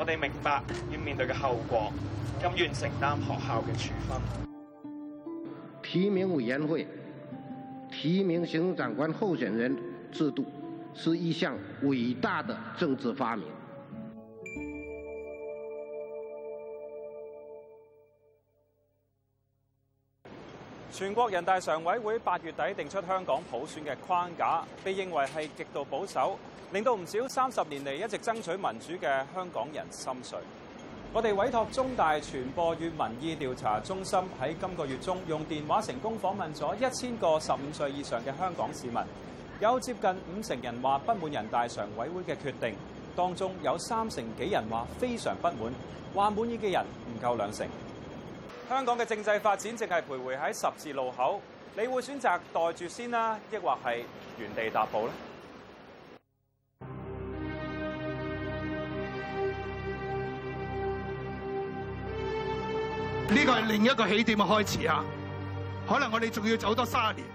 我哋明白要面對嘅後果，甘願承擔學校嘅處分。提名委員會提名行政長官候選人制度，是一項偉大的政治發明。全國人大常委會八月底定出香港普選嘅框架，被認為係極度保守，令到唔少三十年嚟一直爭取民主嘅香港人心碎。我哋委託中大傳播與民意調查中心喺今個月中用電話成功訪問咗一千個十五歲以上嘅香港市民，有接近五成人話不滿人大常委會嘅決定，當中有三成幾人話非常不滿，話滿意嘅人唔夠兩成。香港嘅政制發展淨係徘徊喺十字路口，你會選擇待住先啦，抑或係原地踏步咧？呢個係另一個起點嘅開始啊！可能我哋仲要走多三十年。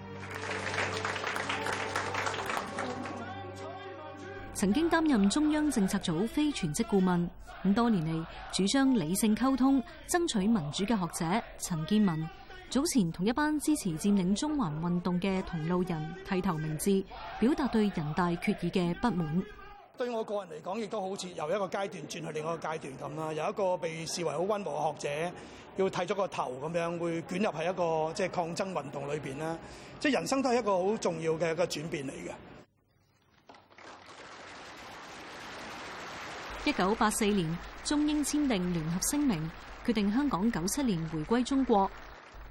曾經擔任中央政策組非全職顧問，咁多年嚟主張理性溝通、爭取民主嘅學者陳建文，早前同一班支持佔領中環運動嘅同路人剃頭明志，表達對人大決議嘅不滿。對我個人嚟講，亦都好似由一個階段轉去另外一個階段咁啦，由一個被視為好溫和嘅學者，要剃咗個頭咁樣，會捲入係一個即係抗爭運動裏邊啦，即係人生都係一個好重要嘅一個轉變嚟嘅。一九八四年，中英簽訂聯合聲明，決定香港九七年回歸中國。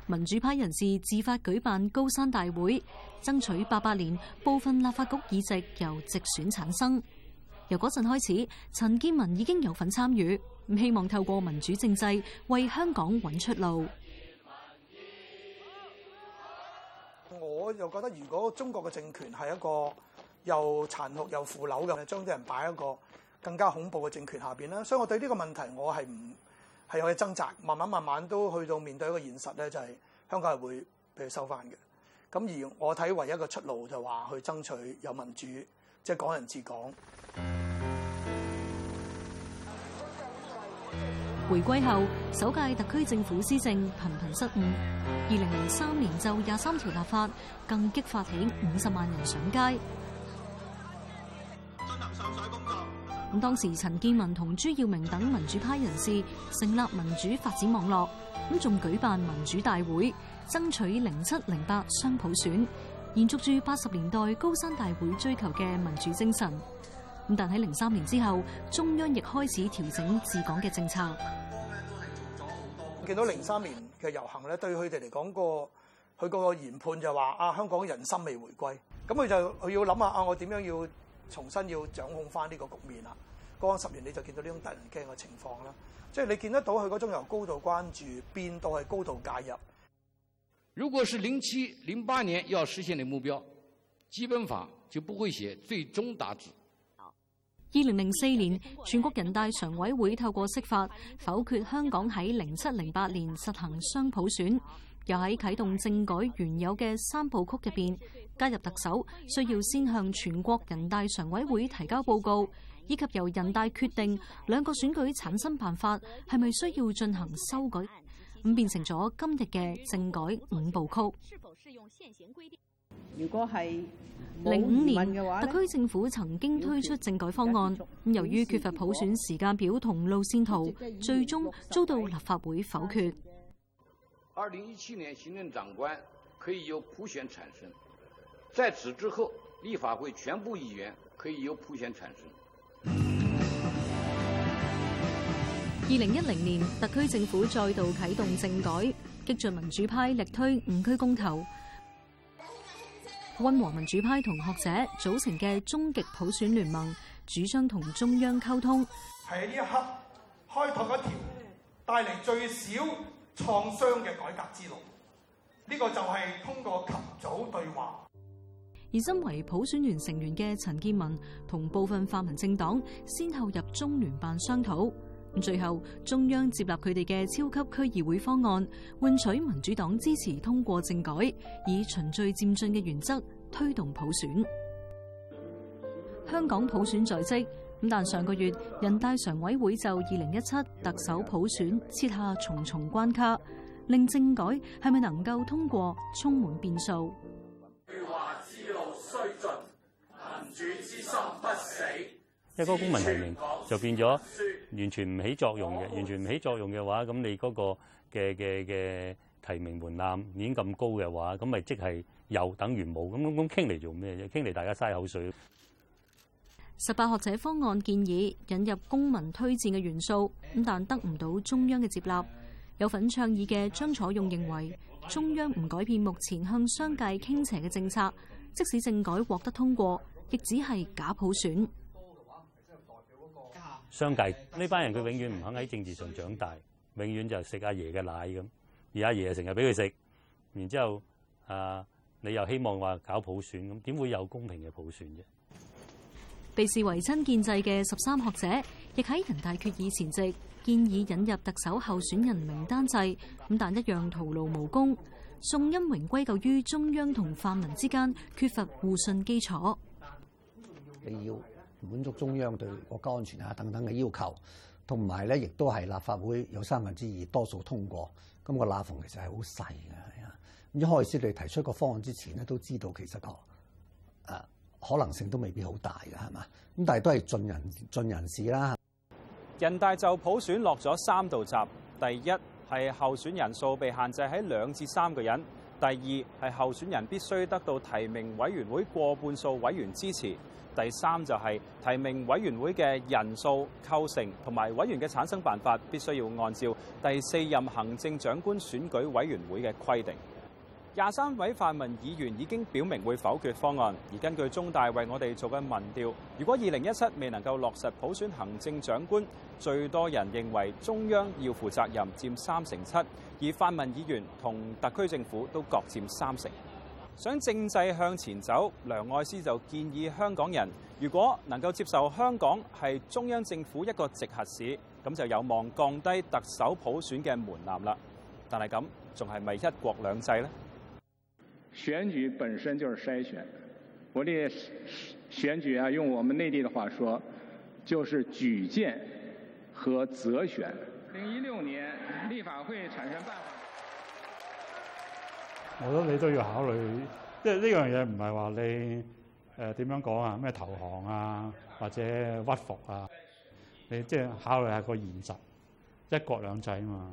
民主派人士自發舉辦高山大會，爭取八八年部分立法局議席由直選產生。由嗰陣開始，陳健民已經有份參與，希望透過民主政制為香港揾出路。我又覺得，如果中國嘅政權係一個又殘酷又腐朽嘅，將啲人擺一個。更加恐怖嘅政權下邊啦，所以我對呢個問題我係唔係可以掙扎，慢慢慢慢都去到面對一個現實咧，就係、是、香港係會被收翻嘅。咁而我睇唯一嘅出路就話去爭取有民主，即、就、係、是、港人治港。回歸後首屆特區政府施政頻頻失誤，二零零三年就廿三條立法更激發起五十萬人上街。進行上水工作。當時陳建文同朱耀明等民主派人士成立民主發展網絡，咁仲舉辦民主大會，爭取零七零八雙普選，延續住八十年代高山大會追求嘅民主精神。咁但喺零三年之後，中央亦開始調整治港嘅政策。見到零三年嘅遊行咧，對佢哋嚟講個佢個研判就話啊，香港人心未回歸，咁佢就佢要諗下啊，我點樣要？重新要掌控翻呢個局面啦！過、那、十、個、年你就見到呢種突然驚嘅情況啦，即、就、係、是、你見得到佢嗰種由高度關注變到係高度介入。如果是零七零八年要實現嘅目標，基本法就不會寫最終達至。二零零四年，全國人大常委會透過釋法否決香港喺零七零八年實行雙普選。又喺啟動政改原有嘅三部曲入邊加入特首需要先向全國人大常委會提交報告，以及由人大決定兩個選舉產生辦法係咪需要進行修改，咁變成咗今日嘅政改五部曲。如果係零五年，特區政府曾經推出政改方案，由於缺乏普選時間表同路綫圖，最終遭到立法會否決。二零一七年，行政長官可以由普選產生。在此之後，立法會全部議員可以由普選產生。二零一零年，特區政府再度啟動政改，激進民主派力推五區公投。温和民主派同學者組成嘅終極普選聯盟，主張同中央溝通。喺呢一刻，開拓一條，帶嚟最少。創傷嘅改革之路，呢個就係通過及早對話。而身為普選員成員嘅陳建文同部分泛民政黨，先後入中聯辦商討。最後，中央接納佢哋嘅超級區議會方案，換取民主黨支持通過政改，以循序漸進嘅原則推動普選。香港普選在即。咁但上個月，人大常委會就二零一七特首普選設下重重關卡，令政改係咪能夠通過充滿變數？之路須盡，民主之心不死，一個公民提名就變咗完全唔起作用嘅，完全唔起作用嘅話，咁你嗰個嘅嘅嘅提名門檻已經咁高嘅話，咁咪即係有等如冇咁，咁咁傾嚟做咩啫？傾嚟大家嘥口水。十八學者方案建議引入公民推薦嘅元素，咁但得唔到中央嘅接納。有份倡議嘅張楚勇認為，中央唔改變目前向商界傾斜嘅政策，即使政改獲得通過，亦只係假普選。商界呢班人佢永遠唔肯喺政治上長大，永遠就食阿爺嘅奶咁，而阿爺成日俾佢食。然之後，啊，你又希望話搞普選，咁，點會有公平嘅普選啫？被視為親建制嘅十三學者，亦喺人大決議前夕建議引入特首候選人名單制，咁但一樣徒勞無功。宋恩榮歸咎於中央同泛民之間缺乏互信基礎。你要滿足中央對國家安全啊等等嘅要求，同埋咧，亦都係立法會有三分之二多數通過，咁，這個罅縫其實係好細嘅。咁一開始你提出個方案之前咧，都知道其實個誒。可能性都未必好大嘅，係嘛？咁但係都係盡人盡人事啦。人大就普選落咗三道閘：第一係候選人數被限制喺兩至三個人；第二係候選人必須得到提名委員會過半數委員支持；第三就係、是、提名委員會嘅人數構成同埋委員嘅產生辦法必須要按照第四任行政長官選舉委員會嘅規定。廿三位泛民議員已經表明會否決方案，而根據中大為我哋做嘅民調，如果二零一七未能夠落實普選行政長官，最多人認為中央要負責任，佔三成七，而泛民議員同特區政府都各佔三成。想政制向前走，梁愛詩就建議香港人，如果能夠接受香港係中央政府一個直轄市，咁就有望降低特首普選嘅門檻啦。但係咁仲係咪一國兩制呢？選舉本身就是篩選。我哋選舉啊，用我們內地的話說，就是舉薦和擇選。二零一六年立法會產生辦法。我覺得你都要考慮，即係呢樣嘢唔係話你誒點樣講啊？咩投降啊，或者屈服啊？你即係考慮下個現實，一國兩制啊嘛，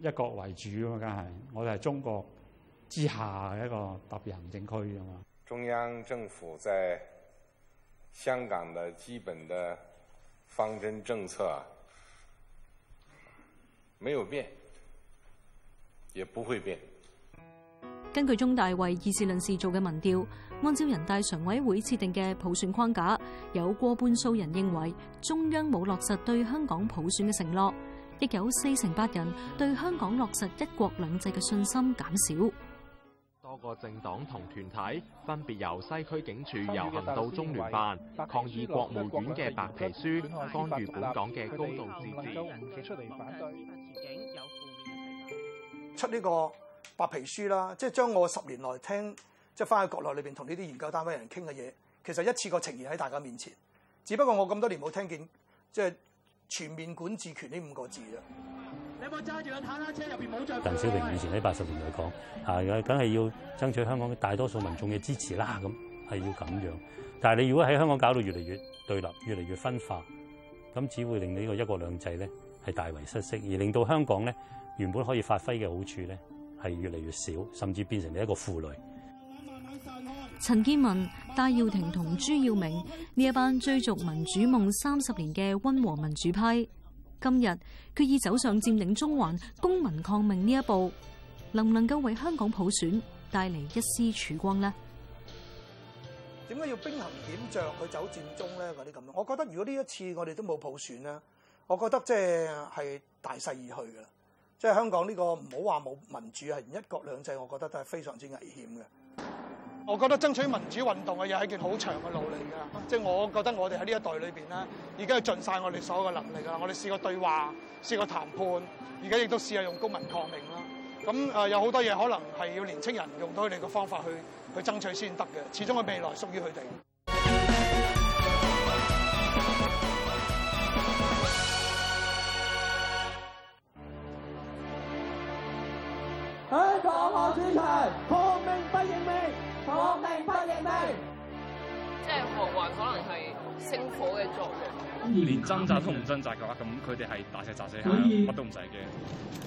一國為主啊嘛，梗係我哋係中國。之下一個特別行政區，啊嘛，中央政府在香港的基本的方針政策啊，沒有變，也不會變。根據中大為議事論事做嘅民調，按照人大常委會設定嘅普選框架，有過半數人認為中央冇落實對香港普選嘅承諾，亦有四成八人對香港落實「一國兩制」嘅信心減少。多個政黨同團體分別由西區警署遊行到中聯辦，抗議國務院嘅白皮書干預本港嘅高度自治。出呢個白皮書啦，即係將我十年來聽，即係翻去國內裏邊同呢啲研究單位人傾嘅嘢，其實一次過呈現喺大家面前。只不過我咁多年冇聽見，即係全面管治權呢五個字啫。揸住個坦克車入面冇鄧小平以前喺八十年代講，啊，梗係要爭取香港嘅大多數民眾嘅支持啦，咁、啊、係要咁樣。但係你如果喺香港搞到越嚟越對立、越嚟越分化，咁只會令你呢個一國兩制咧係大為失色，而令到香港咧原本可以發揮嘅好處咧係越嚟越少，甚至變成你一個負累。陳建文、戴耀廷同朱耀明呢一班追逐民主夢三十年嘅溫和民主派。今日決意走上佔領中環、公民抗命呢一步，能唔能夠為香港普選帶嚟一絲曙光呢？點解要兵行險着去走佔中咧？嗰啲咁，我覺得如果呢一次我哋都冇普選呢，我覺得即係大勢已去噶啦。即係香港呢個唔好話冇民主，係一國兩制，我覺得都係非常之危險嘅。我覺得爭取民主運動嘅嘢係件好長嘅路嚟㗎，即係我覺得我哋喺呢一代裏邊咧，已經係盡晒我哋所有嘅能力啦。我哋試過對話，試過談判，而家亦都試下用公民抗命啦。咁誒，有好多嘢可能係要年青人用到佢哋嘅方法去去爭取先得嘅，始終係未來屬於佢哋。生火嘅作用。連掙扎都唔掙扎嘅話，咁佢哋係大石砸死蟹，乜都唔使嘅。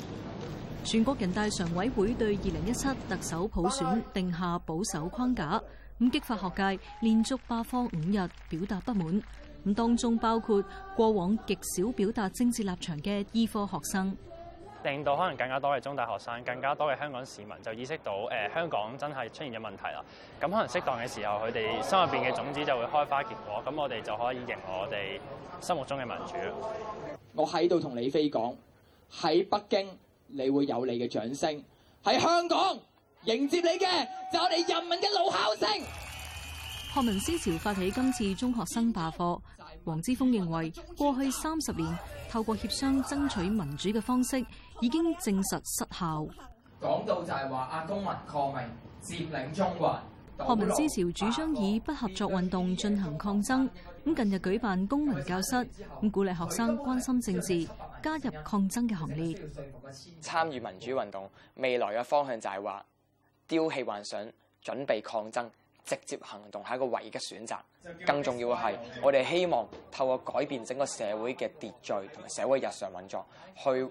全國人大常委會對二零一七特首普選定下保守框架，咁激發學界連續罷課五日表達不滿，咁當中包括過往極少表達政治立場嘅醫科學生。令到可能更加多嘅中大學生、更加多嘅香港市民就意識到，誒、呃、香港真係出現咗問題啦。咁可能適當嘅時候，佢哋心入邊嘅種子就會開花結果。咁我哋就可以贏我哋心目中嘅民主。我喺度同李飛講，喺北京你會有你嘅掌聲，喺香港迎接你嘅就係我哋人民嘅怒吼聲。學民思潮發起今次中學生罷課，黃之鋒認為過去三十年透過協商爭取民主嘅方式。已經證實失效。講到就係話，亞公民抗命佔領中環。學民思潮主張以不合作運動進行抗爭。咁近日舉辦公民教室，咁鼓勵學生關心政治，加入抗爭嘅行列，參與民主運動。未來嘅方向就係話，丟棄幻想，準備抗爭，直接行動係一個唯一嘅選擇。更重要嘅係，我哋希望透過改變整個社會嘅秩序同埋社會的日常運作去，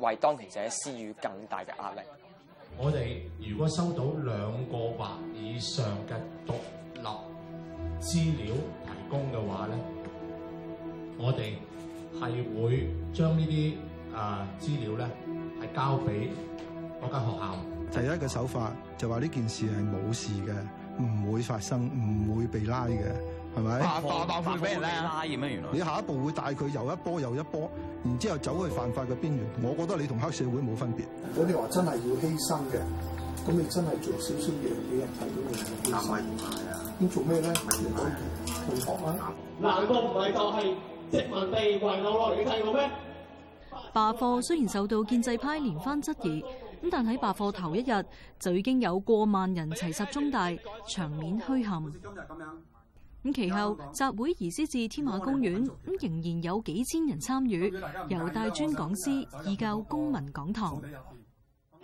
為當其者施予更大嘅壓力。我哋如果收到兩個或以上嘅獨立資料提供嘅話咧，我哋係會將呢啲啊資料咧係交俾嗰間學校。第一個手法就話呢件事係冇事嘅，唔會發生，唔會被拉嘅。係咪？犯法會咩咧？你下一步會帶佢又一波又一波，然之後走去犯法嘅邊緣。我覺得你同黑社會冇分別。如果你話真係要犧牲嘅，咁、嗯、你真係做少少嘢俾人睇到嘅犧牲。難唔難啊？咁做咩咧？同學啊，難過唔係就係殖民地遺留落嚟你睇過咩？罷課雖然受到建制派連番質疑，咁但喺罷課頭一日就已經有過萬人齊集中大，場面墟冚。咁其後集會移師至天馬公園，咁仍然有幾千人參與，由大專講師以教公民講堂。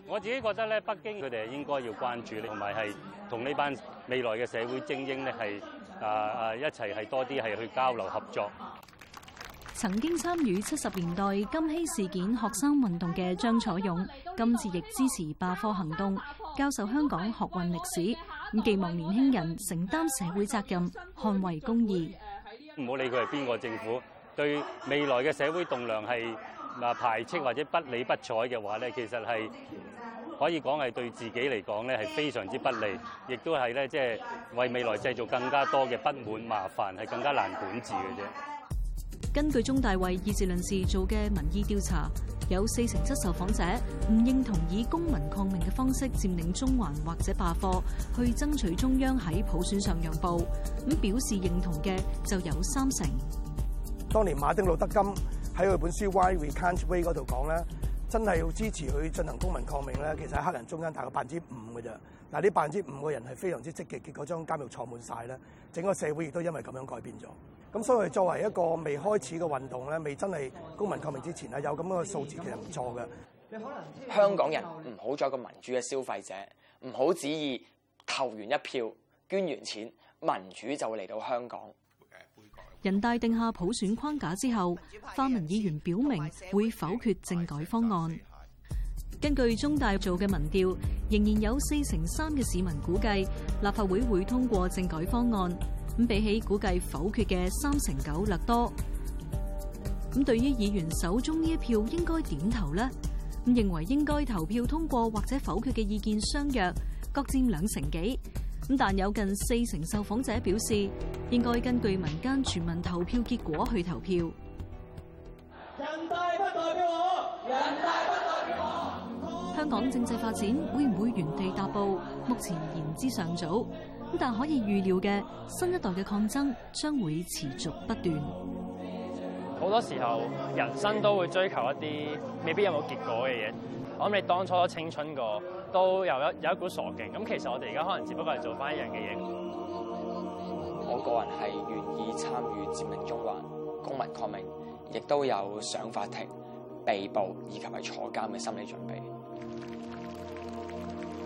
我自己覺得咧，北京佢哋應該要關注同埋係同呢班未來嘅社會精英咧，係啊啊一齊係多啲係去交流合作。曾經參與七十年代金禧事件學生運動嘅張楚勇，今次亦支持罷課行動。教授香港學運歷史，咁寄望年輕人承擔社會責任，捍衛公義。唔好理佢係邊個政府，對未來嘅社會棟樑係排斥或者不理不睬嘅話咧，其實係可以講係對自己嚟講咧係非常之不利，亦都係咧即係為未來製造更加多嘅不滿麻煩，係更加難管治嘅啫。根據中大為議事論事做嘅民意調查，有四成七受訪者唔認同以公民抗命嘅方式佔領中環或者罷課去爭取中央喺普選上讓步，咁表示認同嘅就有三成。當年馬丁路德金喺佢本書《Why We Can't Wait》嗰度講咧，真係要支持佢進行公民抗命咧，其實喺黑人中間大概百分之五嘅啫。嗱，呢百分之五嘅人係非常之積極，結果將監獄坐滿晒咧，整個社會亦都因為咁樣改變咗。咁所以作為一個未開始嘅運動咧，未真係公民抗命之前啊，有咁嘅數字其實唔錯嘅。你可能香港人唔好再個民主嘅消費者，唔好旨意投完一票，捐完錢，民主就嚟到香港。人大定下普選框架之後，泛民議員表明會否決政改方案。根據中大做嘅民調，仍然有四成三嘅市民估計立法會會通過政改方案。咁比起估計否決嘅三成九略多，咁對於議員手中呢一票應該點投呢？咁認為應該投票通過或者否決嘅意見相約各占兩成幾，咁但有近四成受訪者表示應該根據民間全民投票結果去投票。香港政制發展會唔會原地踏步？目前言之尚早，咁但係可以預料嘅，新一代嘅抗爭將會持續不斷。好多時候，人生都會追求一啲未必有冇結果嘅嘢。我諗你當初都青春過，都有一有一股傻勁。咁其實我哋而家可能只不過係做翻一樣嘅嘢。我個人係願意參與佔領中環、公民抗命，亦都有上法庭、被捕以及係坐監嘅心理準備。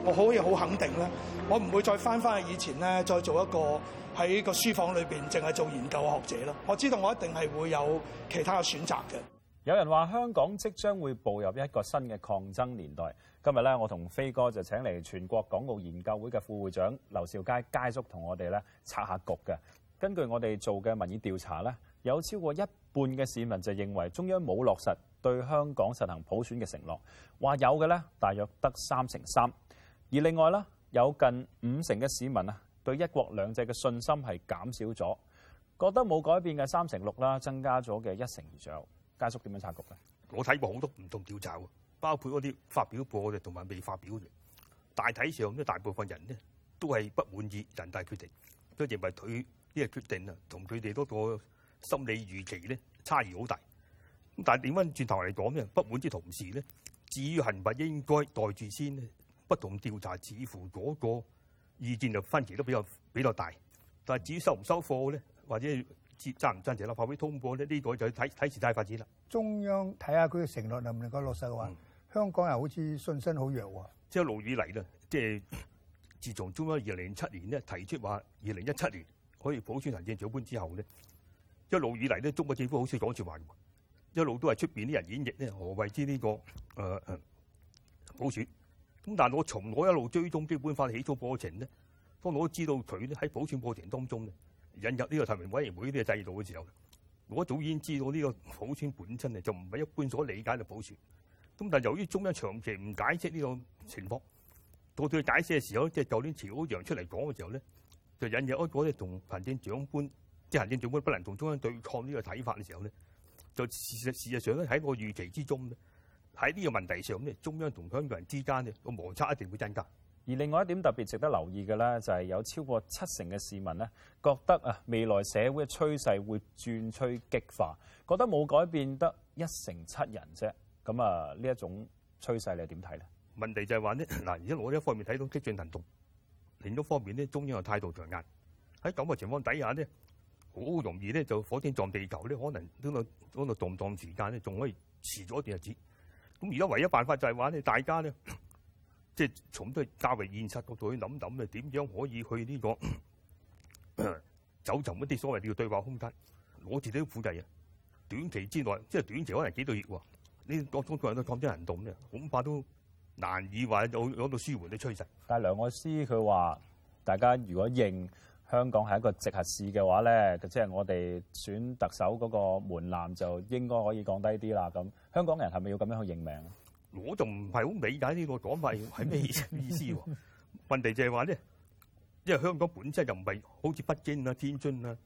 我可以好肯定咧，我唔會再翻翻去以前咧，再做一個喺個書房裏邊淨係做研究嘅學者啦，我知道我一定係會有其他嘅選擇嘅。有人話香港即將會步入一個新嘅抗爭年代。今日咧，我同飛哥就請嚟全國港澳研究會嘅副會長劉兆佳佳叔同我哋咧拆下局嘅。根據我哋做嘅民意調查咧，有超過一半嘅市民就認為中央冇落實對香港實行普選嘅承諾，話有嘅咧，大約得三成三。而另外啦，有近五成嘅市民啊，對一國兩制嘅信心係減少咗，覺得冇改變嘅三成六啦，增加咗嘅一成以上。佳叔點樣察覺嘅？我睇過好多唔同調查喎，包括嗰啲發表過嘅同埋未發表嘅。大體上都大部分人咧都係不滿意人大決定，都認為佢呢個決定啊，同佢哋嗰個心理預期咧差異好大。咁但係點翻轉頭嚟講咧，不滿之同時咧，至於係咪應該待住先咧？不同調查似乎嗰個意見嘅分歧都比較比較大，但係至於收唔收貨咧，或者贊唔贊成立法會通過咧，呢個就睇睇時代發展啦。中央睇下佢嘅承諾能唔能夠落實喎？嗯，香港又好似信心好弱喎。即係一路以嚟啦，即係自從中央二零零七年呢提出話二零一七年可以普選行政長官之後咧，一路以嚟咧，中國政府好似講住話，一路都係出邊啲人演繹咧，何謂之呢個誒誒普選？咁但係我從我一路追蹤基本法起草過程咧，當我知道佢喺普選過程當中咧，引入呢個提名委員會呢個制度嘅時候，我早已經知道呢個普選本身咧就唔係一般所理解嘅普選。咁但係由於中央長期唔解釋呢個情況，到佢解釋嘅時候即係舊年朝陽出嚟講嘅時候咧，就引入咗咧同行政長官、啲、即係、行政長官不能同中央對抗呢個睇法嘅時候咧，就事實事實上咧喺我預期之中嘅。喺呢個問題上咧，中央同香港人之間咧個摩擦一定會增加。而另外一點特別值得留意嘅咧，就係有超過七成嘅市民咧覺得啊未來社會嘅趨勢會轉趨激化，覺得冇改變得一成七人啫。咁啊呢一種趨勢你點睇咧？問題就係話咧嗱，而家我呢一方面睇到激進行動，另一方面咧中央嘅態度強硬。喺咁嘅情況底下咧，好容易咧就火星撞地球咧，可能呢度喺度撞撞時間咧，仲可以遲咗一段日子。咁而家唯一辦法就係話咧，大家咧，即係從都係較為現實角度去諗諗咧，點樣可以去呢個走尋一啲所謂叫對話空間，攞自己苦嚟啊！短期之內，即係短期可能幾個月喎，呢個各種各樣都咁多人動咧，恐怕都難以話有講到舒緩啲趨勢。但係梁愛詩佢話，大家如果認。香港係一個直轄市嘅話咧，即係我哋選特首嗰個門檻就應該可以降低啲啦。咁香港人係咪要咁樣去認命？我就唔係好理解呢個講法，係咩意思喎？ 問題就係話咧，因為香港本身就唔係好似北京啊、天津啊、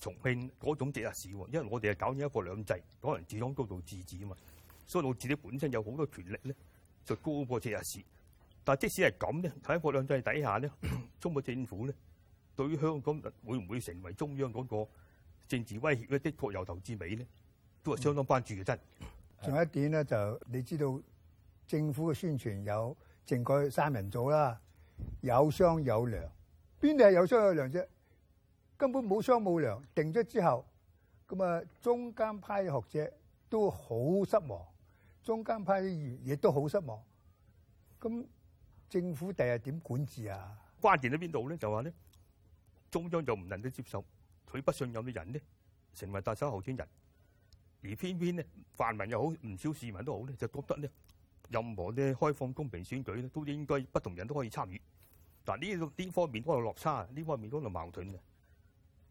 重慶嗰種直轄市，因為我哋係搞緊一國兩制，可能自當高度自治啊嘛，所以我自己本身有好多權力咧，就高過直轄市。但即使係咁咧，喺一國兩制底下咧，中國政府咧。 對於香港會唔會成為中央嗰個政治威脅咧？的確由頭至尾咧，都係相當關注嘅、嗯、真。仲有一點咧，就你知道政府嘅宣傳有政改三人組啦，有商有量，邊度係有商有量啫？根本冇商冇量，定咗之後，咁啊中間派學者都好失望，中間派議員亦都好失望。咁政府第日點管治啊？關鍵喺邊度咧？就話咧。中央就唔能夠接受佢不信任嘅人呢，成為特首候選人，而偏偏呢泛民又好，唔少市民都好咧，就覺得呢任何咧開放公平選舉咧，都應該不同人都可以參與。但呢呢方面嗰度落差，呢方面嗰度矛盾嘅，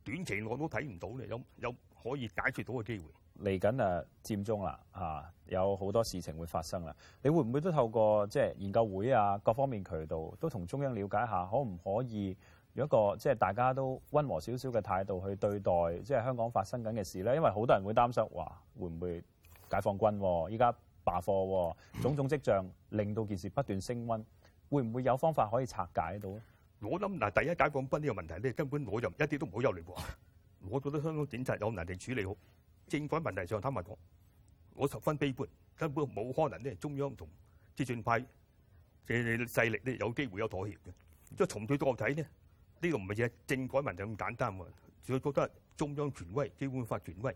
短期我都睇唔到你有有可以解決到嘅機會。嚟緊誒佔中啦，嚇有好多事情會發生啦。你會唔會都透過即係研究會啊，各方面渠道都同中央了解下，可唔可以？如一個即係大家都溫和少少嘅態度去對待，即係香港發生緊嘅事咧。因為好多人會擔心，哇，會唔會解放軍依家罷課，種種跡象令到件事不斷升溫。會唔會有方法可以拆解到咧？我諗嗱，第一解放軍呢個問題咧，根本我就一啲都唔好憂慮喎。我覺得香港警察有能力處理好政改問題上，坦白講，我十分悲觀，根本冇可能咧。中央同自傳派即你勢力咧，有機會有妥協嘅。即係從對局睇咧。呢個唔係淨係政改問題咁簡單喎。我覺得中央權威、基本法權威，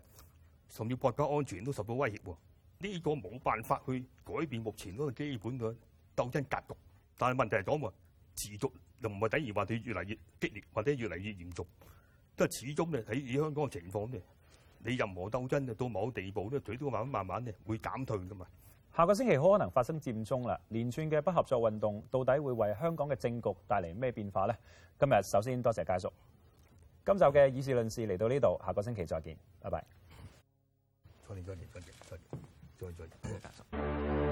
甚至國家安全都受到威脅喎。呢個冇辦法去改變目前嗰個基本嘅鬥爭格局。但係問題係講喎，持續又唔係等於話佢越嚟越激烈，或者越嚟越嚴重。即係始終咧喺香港嘅情況咧，你任何鬥爭嘅到某個地步咧，佢都慢慢慢慢咧會減退㗎嘛。下個星期好可能發生佔中啦，連串嘅不合作運動到底會為香港嘅政局帶嚟咩變化呢？今日首先多謝佳叔，今集嘅議事論事嚟到呢度，下個星期再見，拜拜。再見再見，再見再見，再再見，多謝。